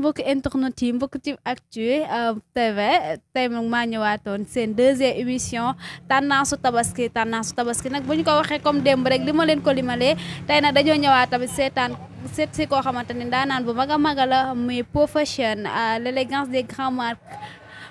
mbokki internet yi mbokki Tivactu euh, TV tey moom maa ñëwaatoon seen deuxième émission tànnaasu tabaski tànnaasu tabaski nag bu ñu ko waxee comme démb rek li ma leen ko limalee tey nag dañoo ñëwaat tamit seetaan seet si koo xamante ne daanaan bu mag a mag la muy Pofashion euh, l'élégance des grands marques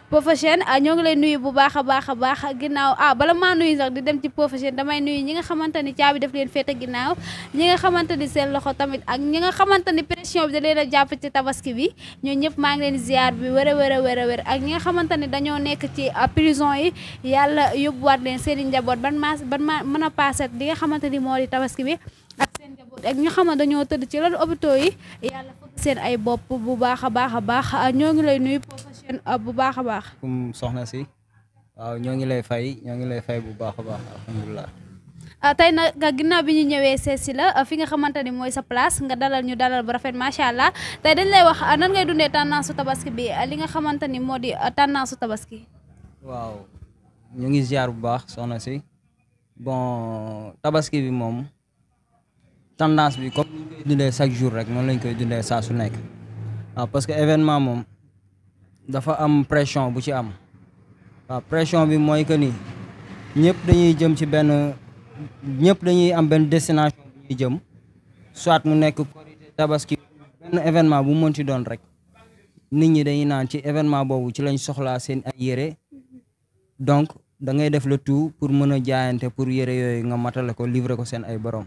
Pofachène ah, ñoo ngi lay nuyu bu baax a baax a baax ginnaaw ah bala maa nuyu sax di dem ci Pofachène damay nuyu ñi nga xamante ni caabi daf leen féete ginnaaw ñi nga xamante ni seen loxo tamit ak ñi nga xamante ni pression bi a jàpp ci tabaski bi ñoo ñëpp maa ngi leen ziar bi wér a wér a wér ak ñi nga xamante ni dañoo nekk ci ah, prison yi yàlla yóbbuwaat leen seen i njaboot ban ma ban ma mën a passé li nga xamante ni moo di tabaski bi ak seen ak ñu xam ne dañoo tëdd ci loolu hôpitaux yi yàlla seen ay bopp bu baax a baax a baax ah, ñoo ngi lay nuyu Ah, bu baax a baax. soxna si waaw ñoo ngi lay fay ñoo ngi lay fay bu baax a baax alhamdulilah. Ah, tey nag ah, ginnaaw bi ñu ñëwee sees si la fi nga xamante ni mooy sa place nga dalal ñu dalal bu rafet macha allah tey dañ lay wax nan ngay dundee tendance tabaski bi li nga xamante ni moo di tendance tabaski. waaw ñu ngi ziar bu baax soxna si bon tabaski bi moom tendance bi comme ni ñu dundee chaque jour rek noonu lañ koy dundee saa su nekk parce que événement moom. dafa am pression bu ci am waaw pression bi mooy que ni ñëpp dañuy jëm ci benn ñëpp dañuy am benn destination bu ñuy jëm soit mu nekk korité tabaski benn événement bu mën ci doon rek nit ñi dañuy naan ci événement boobu ci lañ soxlaa seen ay yére donc da ngay def le tout pour mën a jaayante pour yére yooy nga matale ko livrer ko seen ay borom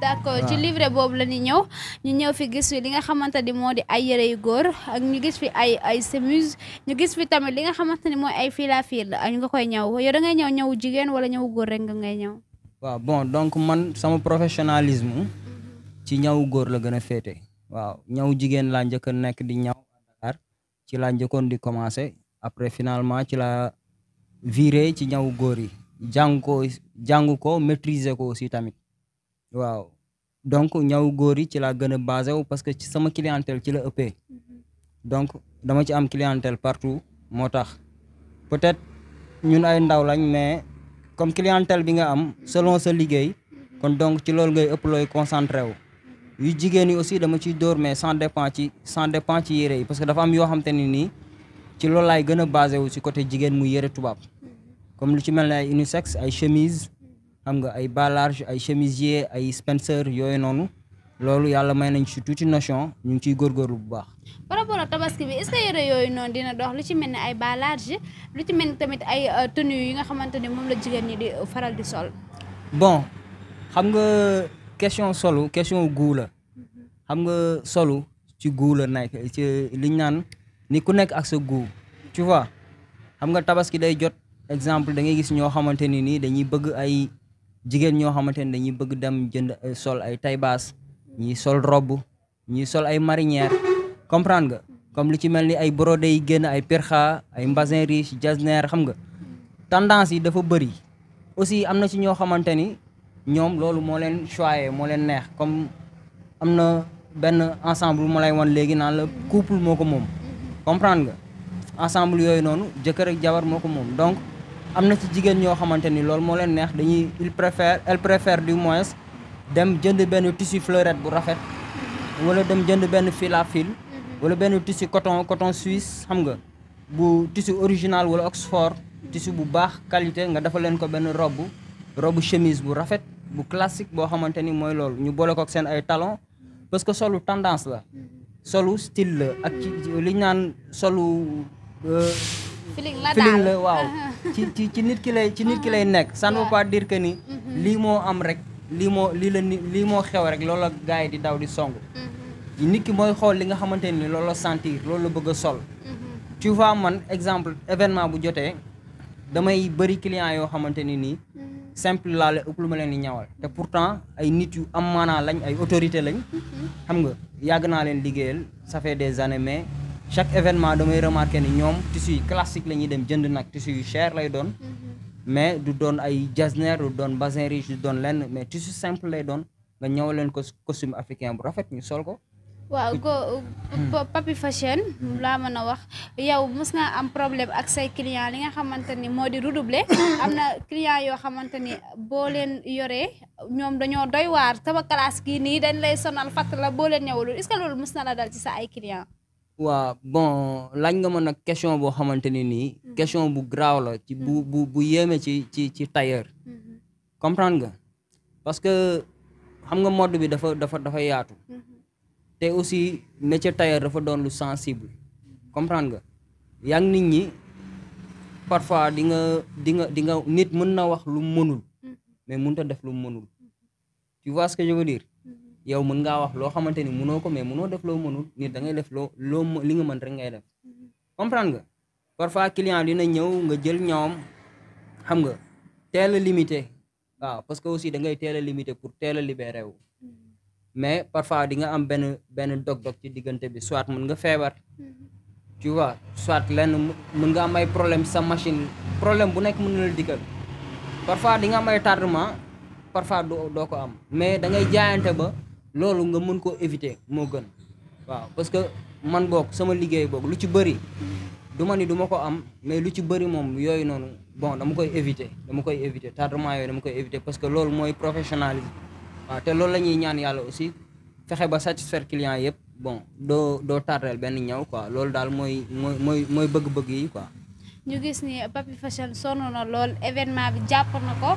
d'accord ci livre boobu la ñu ñëw ñu ñëw fi gis fi li nga xamante ni moo di ay yére yu góor ak ñu gis fi ay ay chemise ñu gis fi tamit li nga xamante ni mooy ay filafiir la ñu nga koy ñaw yow da ngay ñëw ñëw jigéen wala ñëw góor rek nga ngay ñëw waaw bon donc man sama professionnalisme ci ñaw góor la gën a féete waaw ñaw jigéen laa njëkk a nekk di ñaw Dakar ci laa njëkkoon di commencer après finalement ci la vire ci ñaw góor yi jàng ko jàng ko maîtriser ko aussi tamit waaw donc ñaw góor yi ci laa gën a basé wu parce que ci sama clientèle ci la ëppee mm-hmm. donc dama ci am clientèle partout moo tax peut-être ñun ay ndaw lañ mais comme clientèle bi nga am selon sa liggéey kon donc ci loolu ngay ëpp looy concentré wu. yu jigéen yi aussi dama ciy dóor mais sans dépend ci sans dépend ci yëre yi parce que dafa am yoo xam te ne ci loolu laay gën a basé wu si côté jigéen mu yëre tubaab mm-hmm. comme lu ci mel ne ay unisex ay chemise xam nga ay bas large ay chemisier ay spencer yooyu noonu loolu yàlla may nañ ci tuuti notion ñu ngi ciy góorgóorlu bu baax. par rapport ak tabaski bi est-ce yooyu noonu dina dox lu ci mel ne ay bas large lu ci mel ni tamit ay euh, tenues yi nga xamante ne moom la jigéen ñi di euh, faral di sol. bon xam nga question solu question guu la xam nga solu ci guula la nekk liñ naan ni ku nekk ak sa guu tu vois xam nga tabaski day jot exemple da ngay gis ñoo xamante ni nii dañuy bëgg jigéen ñoo xamante ne dañuy bëgg dem jënd eh, sol ay taille basse ñi sol robe ñi sol ay marinière comprendre nga comme lu ci mel ni ay brodé yi génn ay perxa ay mbasin riche jasner xam nga tendance yi dafa bëri aussi am na ci ñoo xamante ni ñoom loolu moo leen choyé moo leen neex comme am na benn ensemble bu ma lay wan léegi naan la couple moo ko moom comprendre nga ensemble yooyu noonu jëkkër ak jabar moo ko moom donc am na ci jigéen ñoo xamante ni loolu moo leen neex dañuy il préfère elle du moins dem jënd benn tissu fleurette bu rafet wala dem jënd benn fil à fil wala benn tissu coton coton suisse xam nga bu tissu original wala Oxford tissu bu baax qualité nga dafa leen ko benn robe robe chemise bu rafet bu classique boo xamante ni mooy loolu ñu boole ko seen ay talon parce que solu tendance la solu style la ak li ñu naan solu. Euh, feeling la waaw ci ci ci nit ki lay ci nit ki lay nekk ça ne veut pas que ni mm-hmm. lii moo am rek lii moo lii la ni lii moo xew rek loolu la gars yi di daw di song mm-hmm. nit ki mooy xool li nga xamante ni loolu la sentir loolu la bëgg sol mm-hmm. tu vois man exemple événement bu jotee damay bëri client yoo xamante ni nii simple laa la ëpp lu ma leen di ñawal te pourtant ay nit yu am maanaa lañ ay autorité lañ xam nga yàgg naa leen liggéeyal ça des années mais chaque événement damay remarqué ni ñoom tissu yi classique la ñuy dem jënd nag tissu yu cher lay doon mhm. mais du doon ay jasner du doon bazin riche du doon lenn mais tissu simple lay doon nga ñëw leen ko costume africain bu rafet ñu sol ko waaw go papi fashion laa mën a wax yow mës nga am problème ak say client li nga xamante ni moo di redoubler am na client yoo xamante ni boo leen yoree ñoom dañoo doy waar sama classe gii nii dañ lay sonal fatt la boo leen ñëwalul est-ce que loolu la dal ci ay client waaw bon laaj nga ma nag question boo xamante ne nii mhm. question bu graaw la ci bu bu bu yéeme ci ci ci tailleur mhm. comprendre nga parce que xam nga mode bi dafa dafa dafa yaatu mhm. te aussi ne métier tailleur dafa doon lu sensible comprendre nga yaa ngi nit ñi parfois di nga di nga di nga nit mën na wax lu mënul mais mënut a def lu mënul tu vois ce que je dire yow mën ngaa wax loo xamante ni mënoo ko mais mënoo def loo mënul nit da ngay def loo loo li nga mën rek ngay def comprendre nga parfois client dina ñëw nga jël ñawam xam nga teel a limité waaw parce que aussi da ngay teel a limité pour teel a libéré wu mais parfois di nga am benn benn dog ci diggante bi soit mën nga feebar mm-hmm. tu vois soit lenn mën nga am ay problème sa machine problème bu nekk mën na la dikkal parfois di nga am tardement parfois doo ko am mais da ngay ba. loolu nga mën koo éviter moo gën waaw parce que man boog sama liggéey boog lu ci bëri du ma ni duma ko am mais lu ci bëri moom yooyu noonu bon dama koy éviter dama koy éviter tardement yooyu dama koy éviter parce que loolu mooy professionnalisme waaw te loolu la ñuy ñaan yàlla aussi fexe ba satisfaire client yëpp bon doo doo tardeel benn ñaw quoi loolu daal mooy mooy mooy mooy bëgg-bëgg yi quoi ñu gis ni Papi Fashion sonn na lool événement bi jàpp ko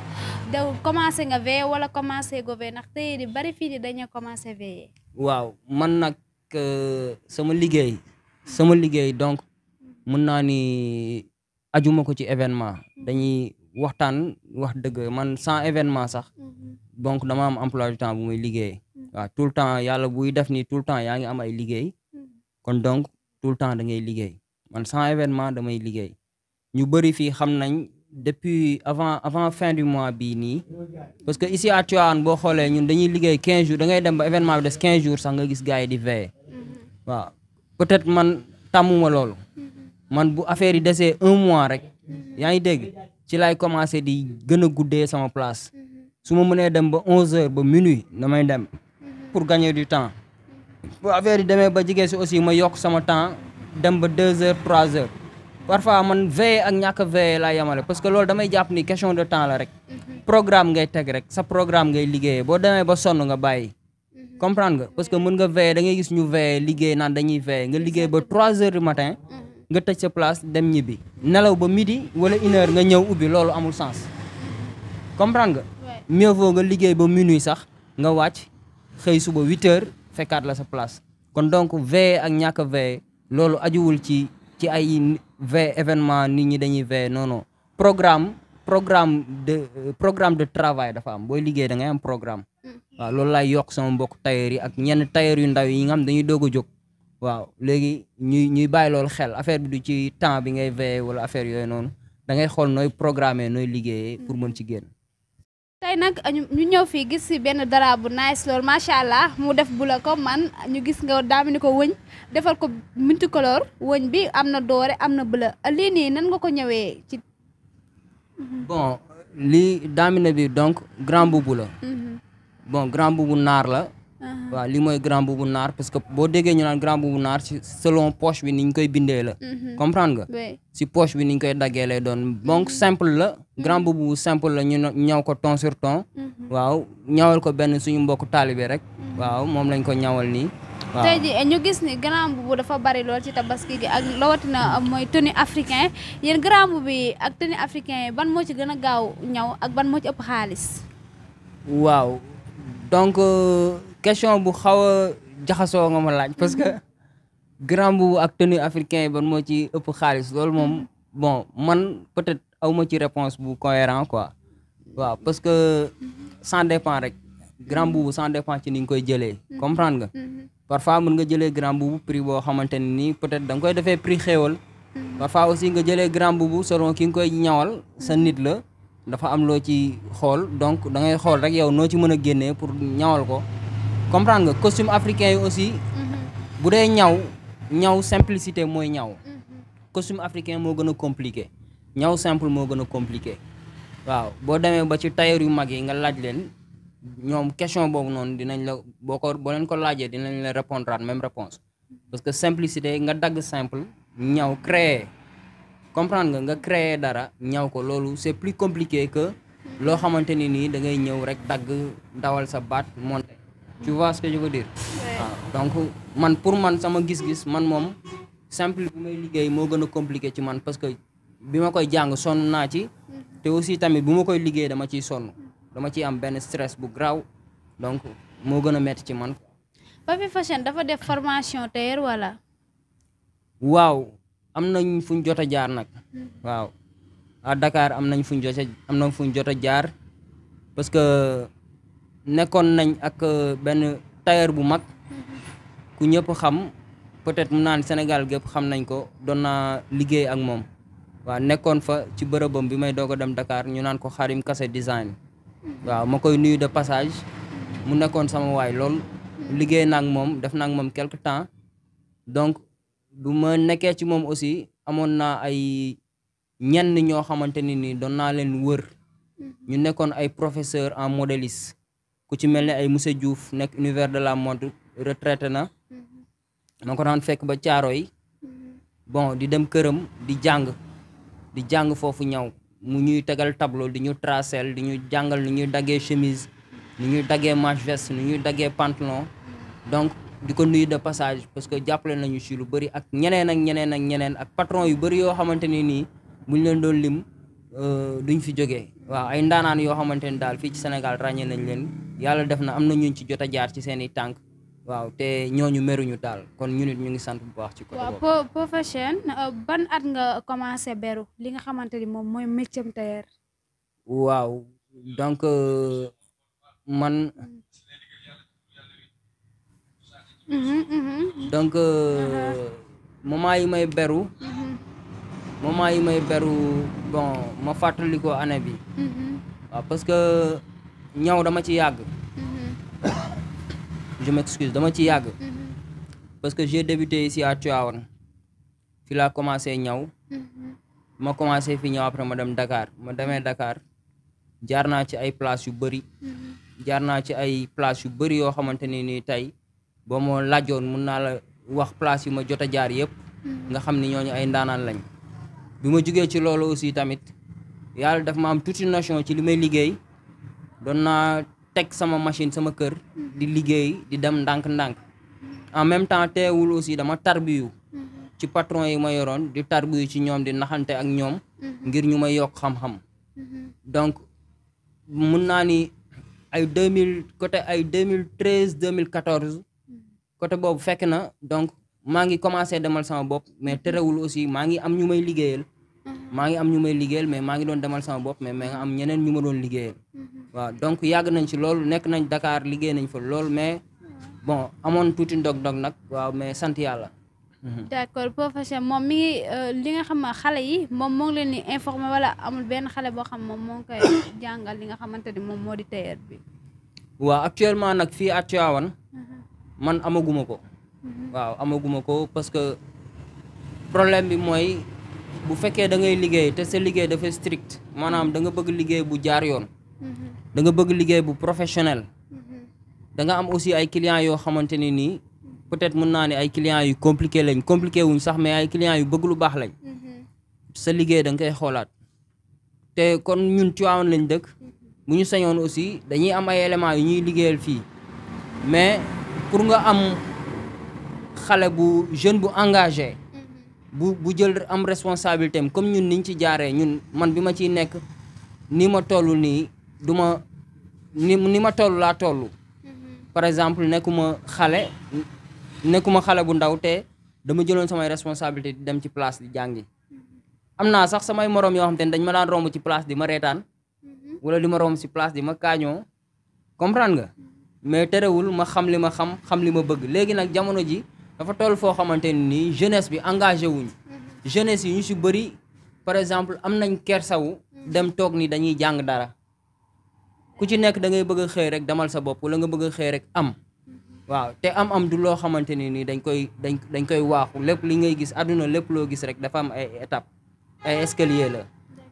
daw commencé nga veillé wala commencé go veillé ndax tey di bari fii di dañu commencé veillé waaw man nag euh, sama liggéey sama liggéey donc mun naa ni ajuma ko ci événement dañuy waxtaan wax dëgg man sans événement sax mhm. donc dama am emploi du bu muy liggéey mhm. waaw tout le temps yàlla buy def ni tout le temps yaa ngi am ay liggéey mhm. kon donc tout le temps da liggéey man sans événement damay liggéey ñu bëri fii xam nañ depuis avant avant fin du mois bii nii parce que ici à Tivaouane boo xoolee ñun dañuy liggéey 15 jours da dem ba événement bi des 15 jours sax nga gis gars yi di veillé mm-hmm. waaw peut-être man tàmmuma loolu mm-hmm. man bu affaire yi desee un mois rek mm-hmm. yaa ngi dégg ci laay commencé di gën a guddee sama place su ma mënee dem ba 11h ba minuit damay dem pour gagner du temps bu affaire yi demee ba jigéen si aussi ma yokk sama temps dem ba 2h 3h. parfois man veiller ak ñàkk a veiller laa yemale parce que loolu damay jàpp ni question de temps la rek mhm. programme ngay teg rek sa programme ngay liggéeyee boo demee ba sonn nga bàyyi mhm. comprendre nga parce que mën nga veiller da ngay gis ñu veiller liggéey naan dañuy veiller nga liggéey ba trois heures du matin mhm. nga tëj sa place dem ñibbi nelaw ba midi wala une nga ñëw ubbi loolu amul sens comprendre nga mieux vaut nga liggéey ba minuit sax nga wàcc xëy suba huit heures fekkaat la sa place kon donc veiller ak ñàkk a loolu ajuwul ci ci ay ve événement nit ñi dañuy ve non programme programme de euh, programme de travail dafa am booy liggéey da am programme mm. waaw loolu laay yokk sama mbokk tailleur yi ak ñenn tailleur yu ndaw yi nga xam dañuy doog a jóg waaw léegi ñuy ñuy bàyyi loolu xel affaire bi du ci temps bi ngay veillé wala affaire yooyu noonu da ngay xool nooy programmer nooy liggéeyee pour mën ci génn tey nag ñu ñëw fii gis si benn dara bu nice lool macha allah mu def bula la ko man ñu gis nga daamini ko wëñ defal ko multicolore wëñ bi am na doore am na bleu lii nii nan nga ko ñëwee ci. Mhm. bon lii daamina bi donc grand boubou la. Mhm. bon grand boubou naar la. waaw li mooy grand boubou naar parce que boo déggee ñu naan grand boubou naar si selon poche bi ni ñu koy bindee la. Mhm. comprendre si poche bi ni ñu koy daggee doon donc mhm. simple la mhm. grand boubou simple la ñu ñaw ko ton sur ton. waaw ñawal ko benn suñu mbokk taalibe rek. waaw moom lañ ko ñawal nii. waaw tey jii eh, ñu gis ni grand boubou dafa bari lool ci tabaski gi ak lawatina eh, mooy tenue africain yéen grand boubou bi ak tenue africain ban moo ci gën a gaaw ñaw ak ban moo ci ëpp xaalis. question bu xaw a jaxasoo nga ma laaj parce que grand boubou ak tenue africain yi ban moo ci ëpp xaalis loolu moom bon man peut aw ma ci réponse bu cohérent quoi waaw parce que ça dépend rek grand bu ça dépend ci ni nga koy jëlee mm-hmm. comprendre nga mm-hmm. parfois mën nga jëlee grand prix boo xamante ne nii peut-être da nga koy defee prix xéewal mm-hmm. parfois aussi nga jëlee grand bu selon ki nga koy ñawal sa nit la dafa am loo ci xool donc da ngay xool rek yow noo ci mën a génnee pour ñawal ko comprendre nga costume africain yi aussi mhm. bu dee ñaw ñaw simplicité mooy ñaw mhm. costume africain moo gën a compliqué ñaw simple moo gën a compliqué waaw boo demee ba ci tailleur yu mag yi nga laaj leen ñoom question boobu noonu dinañ la boo ko boo leen ko laajee dinañ la répondre même réponse parce que simplicité nga dagg simple ñaw créer comprendre nga nga créer dara ñaw ko loolu c'est plus compliqué que loo xamante ni nii da ngay ñëw rek dagg dawal sa baat monter tu vois ce waaw ah, donc man pour man sama gis-gis man moom simple bu may liggéey moo gën a compliqué ci man parce que bi ma koy jàng sonn naa ci. Mm-hmm. te aussi tamit bu ma koy liggéey dama ciy sonn dama ciy am benn stress bu graw donc moo gën a métti ci man. Papy Fashion dafa def formation tailleur wala. waaw am nañ fuñ jot a jaar nag. Mm-hmm. waaw dakaar am nañ fuñ jot a am nañ jot a jaar parce que. nekkoon nañ ak euh, benn tailleur bu mag mm-hmm. ku ñëpp xam peut-être mu naan Sénégal gépp xam nañ ko doon naa liggéey ak moom waaw nekkoon fa ci bërëbam bi may doog a dem Dakar ñu naan ko Xarim Kassé design mm-hmm. waaw ma koy nuyu de passage mu nekkoon sama waay lool mm-hmm. liggéey naa ak moom def naa ak moom quelque temps donc du ma nekkee ci moom aussi amoon naa ay ñenn ñoo xamante ni nii doon naa leen wër ñu nekkoon ay professeur en modéliste ku ci mel ne ay Moussa Diouf nekk univers de la mode retraité na mhm. ma ko daan fekk ba caaro yi mhm. bon di dem këram di jàng di jàng foofu ñaw mu ñuy tegal tablo di ñu tracel di ñu jàngal ni ñuy daggee chemise ni ñuy daggee manche veste ni ñuy daggee pantalon mhm. donc di ko nuyu de passage parce que jàppale nañu ci lu bëri ak ñeneen ak ñeneen ak ñeneen ak patron yu bëri yoo xamante ni nii buñ leen doon lim euh, ñu fi jógee waaw ay ndaanaan yoo xamante ni daal fii ci Sénégal ràññee nañ leen yàlla def na am na ñuñ ci jot a jaar ci seen i tànk waaw te ñooñu meruñu daal kon ñu ñu ngi sant bu baax ci côté boobu waaw euh, ban at nga commencé beru li nga xamante ni moom mooy métier tailleur waaw donc euh, man mm-hmm, mm-hmm. donc euh, uh-huh. moment yi may beru mm-hmm. moment yi may beru bon ma fàttali ko bi parce que ñaw dama ci yàgg mm-hmm. je m'excuse dama ci yàgg mm-hmm. parce que j'ai débuté ici à Tivaouane fi laa commencé ñaw mm-hmm. ma commencé fi ñaw après ma dem dakaar ma demee dakaar jaar naa ci ay place yu bëri jaar naa ci ay place yu bëri yoo xamante ne ni tey boo moo laajoon mun naa la wax place yu ma jot a jaar yëpp nga xam ni ñooñu ay ndaanaan lañ bi ma jugee ci loolu aussi tamit yàlla daf ma am toute une ci li may liggéey doon naa teg sama machine sama kër di liggéey di dem ndànk-ndànk en même temps teewul aussi dama tarbiyu ci patron yi ma yoroon di tarbiyu ci ñoom di naxante ak ñoom ngir ñu may yokk xam-xam donc mun naa ni ay deux mille côté ay deux mille treize deux mille quatorze côté boobu fekk na donc maa ngi commencé demal sama bopp mais terewul aussi maa ngi am ñu may liggéeyal Mm-hmm. maa ngi am ñu may liggéeyal mais maa ngi doon demal sama bopp mais mais nga am ñeneen ñu ma doon liggéeyal mm-hmm. waaw donc yàgg nañ ci loolu nekk nañ Dakar liggéey nañ fa loolu mais mm-hmm. bon amoon tuuti ndog-ndog nag waaw mais sant yàlla. d' accord professeur moom mi ngi euh, li nga xam ne xale yi moom moo ngi leen di informer wala amul benn xale boo xam moom moo ngi koy jàngal li nga xamante ni moom moo di tailleur bi. waaw actuellement nag fii à Tivaouane man amaguma ko. waaw amaguma ko parce que problème bi mooy. bu fekkee da ngay liggéey te sa liggéey dafa strict maanaam danga bëgg liggéey bu jaar yoon mm-hmm. danga bëgg liggéey bu professionnel mm-hmm. da nga am aussi ay clients yoo xamante ne nii peut-être mën naa ne ay clients yu compliqué lañ compliqué wuñ sax mais ay clients yu bëgg lu baax lañ mm-hmm. sa liggéey da nga koy xoolaat te kon ñun Tivaouane lañ dëkk bu ñu sañoon aussi dañuy am ay éléments yu ñuy liggéeyal fii mais pour nga am xale bu jeune bu engagé bu bu jël am responsabilité comme ñun niñ ci jaaree ñun man bi ma ci nekk ni ma tollu nii du ma ni ni ma toll laa toll. Mm-hmm. par exemple nekkuma xale nekkuma xale bu ndaw te dama jëloon samay responsabilité di dem ci place di jàngi. Mm-hmm. am naa sax samay morom yoo xam te ne dañ ma daan romb ci place di ma reetaan mm-hmm. wala di ma romb ci place di ma kaañoo comprendre nga mais terewul ma xam li ma xam xam li ma bëgg léegi nag jamono ji dafa toll foo xamante nii jeunesse bi engagé wuñu mhm. jeunesse yi ñu si bëri par exemple am nañ ker kersawu mhm. dem toog nii dañuy jàng dara ku ci nekk da ngay bëgg a xëy rek demal sa bopp wala nga bëgg a xëy rek am mhm. waaw te am am du loo xamante ne nii dañ koy dañ dañ koy waaxu lépp li ngay gis àdduna lépp loo gis rek dafa am ay étape ay escalier la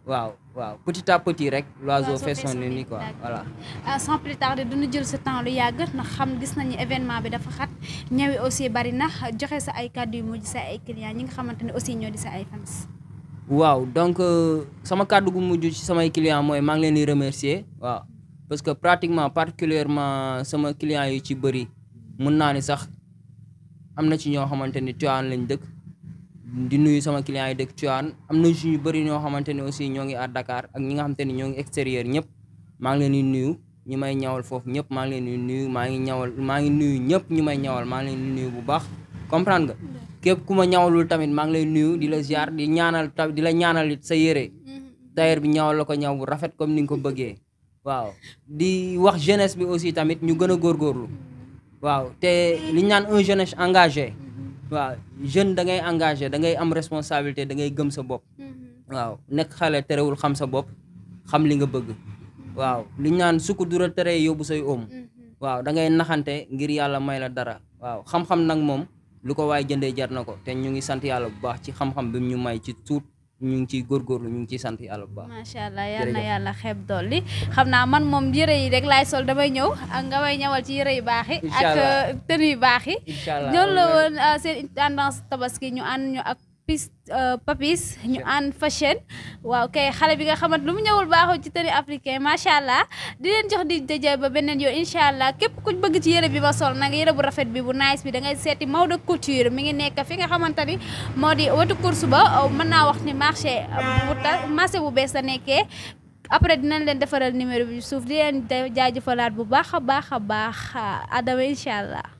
waaw waaw petit à petit rek. l'oiseau fait son nid quoi voilà. Euh, sans plus tarder duñu jël sa temps lu yàgg na xam gis nañu événement bi dafa xat ñëwi aussi bari na joxe sa ay kàddu yu mujj sa ay clients ñi nga xamante ne aussi ñoo di sa ay fans. waaw donc euh, sama kàddu gu mujj ci samay clients mooy maa ngi leen di waaw parce que pratiquement particulièrement sama clients yu ci bëri mun naa ni sax am na ci ñoo xamante ni Tivaouane lañ dëkk. di nuyu sama clients yi dëkk Tivaouane am na jus yu bëri ñoo xamante ne aussi ñoo ngi à Dakar ak ñi nga xamante ne ñoo ngi extérieur ñëpp maa ngi leen di nuyu ñi may ñawal foofu ñëpp maa ngi leen nuyu maa ngi ñawal maa ngi nuyu ñëpp ñi may ñawal maa leen di nuyu bu baax comprendre nga képp ku ma ñawalul tamit maa ngi lay nuyu di la ziar di ñaanal tamit di la ñaanal sa yére tailleur bi ñawal la ko ñaw bu rafet comme ni nga ko bëggee waaw di wax jeunesse bi aussi tamit ñu gën a góorgóorlu waaw te li ñu naan un jeunesse engagé waaw jeune da ngay engagé da ngay am responsabilité da ngay gëm sa bopp. Mhm. waaw nekk xale terewul xam sa bopp xam li nga bëgg. waaw liñ naan sukk dura tere yóbbu say om mhm. waaw da ngay naxante ngir yàlla may la dara. waaw xam-xam nag moom lu ko waay jëndee jar na ko te ñu ngi sant yàlla bu baax ci xam-xam bi ñu may ci tuut. ñu ngi ciy góorgóorlu ñu ngi ciy sant yàlla bu baax. macha allah yal na yàlla xeeb dolli xam naa man moom yëre yi rek laay sol damay ñëw ak nga may ñawal ci yëre yu baax yi. ak euh, tenue yu baax yi. incha allah loolu la woon euh, tabaski ñu ànd ñu ak. pis euh, papis ñu ànd fashion waaw kay xale bi nga xamante lu mu ñëwul baaxul ci tenue africain macha allah di leen jox di dajee ba beneen yow incha allah képp ku bëgg ci yëre bi ba sol nag yére bu rafet bi bu nice bi dangay ngay seeti Maodo Couture mi ngi nekk fi nga xamante ni moo di wetu course ba oh, mën naa wax ni marché euh, bu ta marché bu bees la nekkee après dinañ leen defaral numéro bi suuf di leen jaajëfalaat bu baax a baax a baax adama euh, incha allah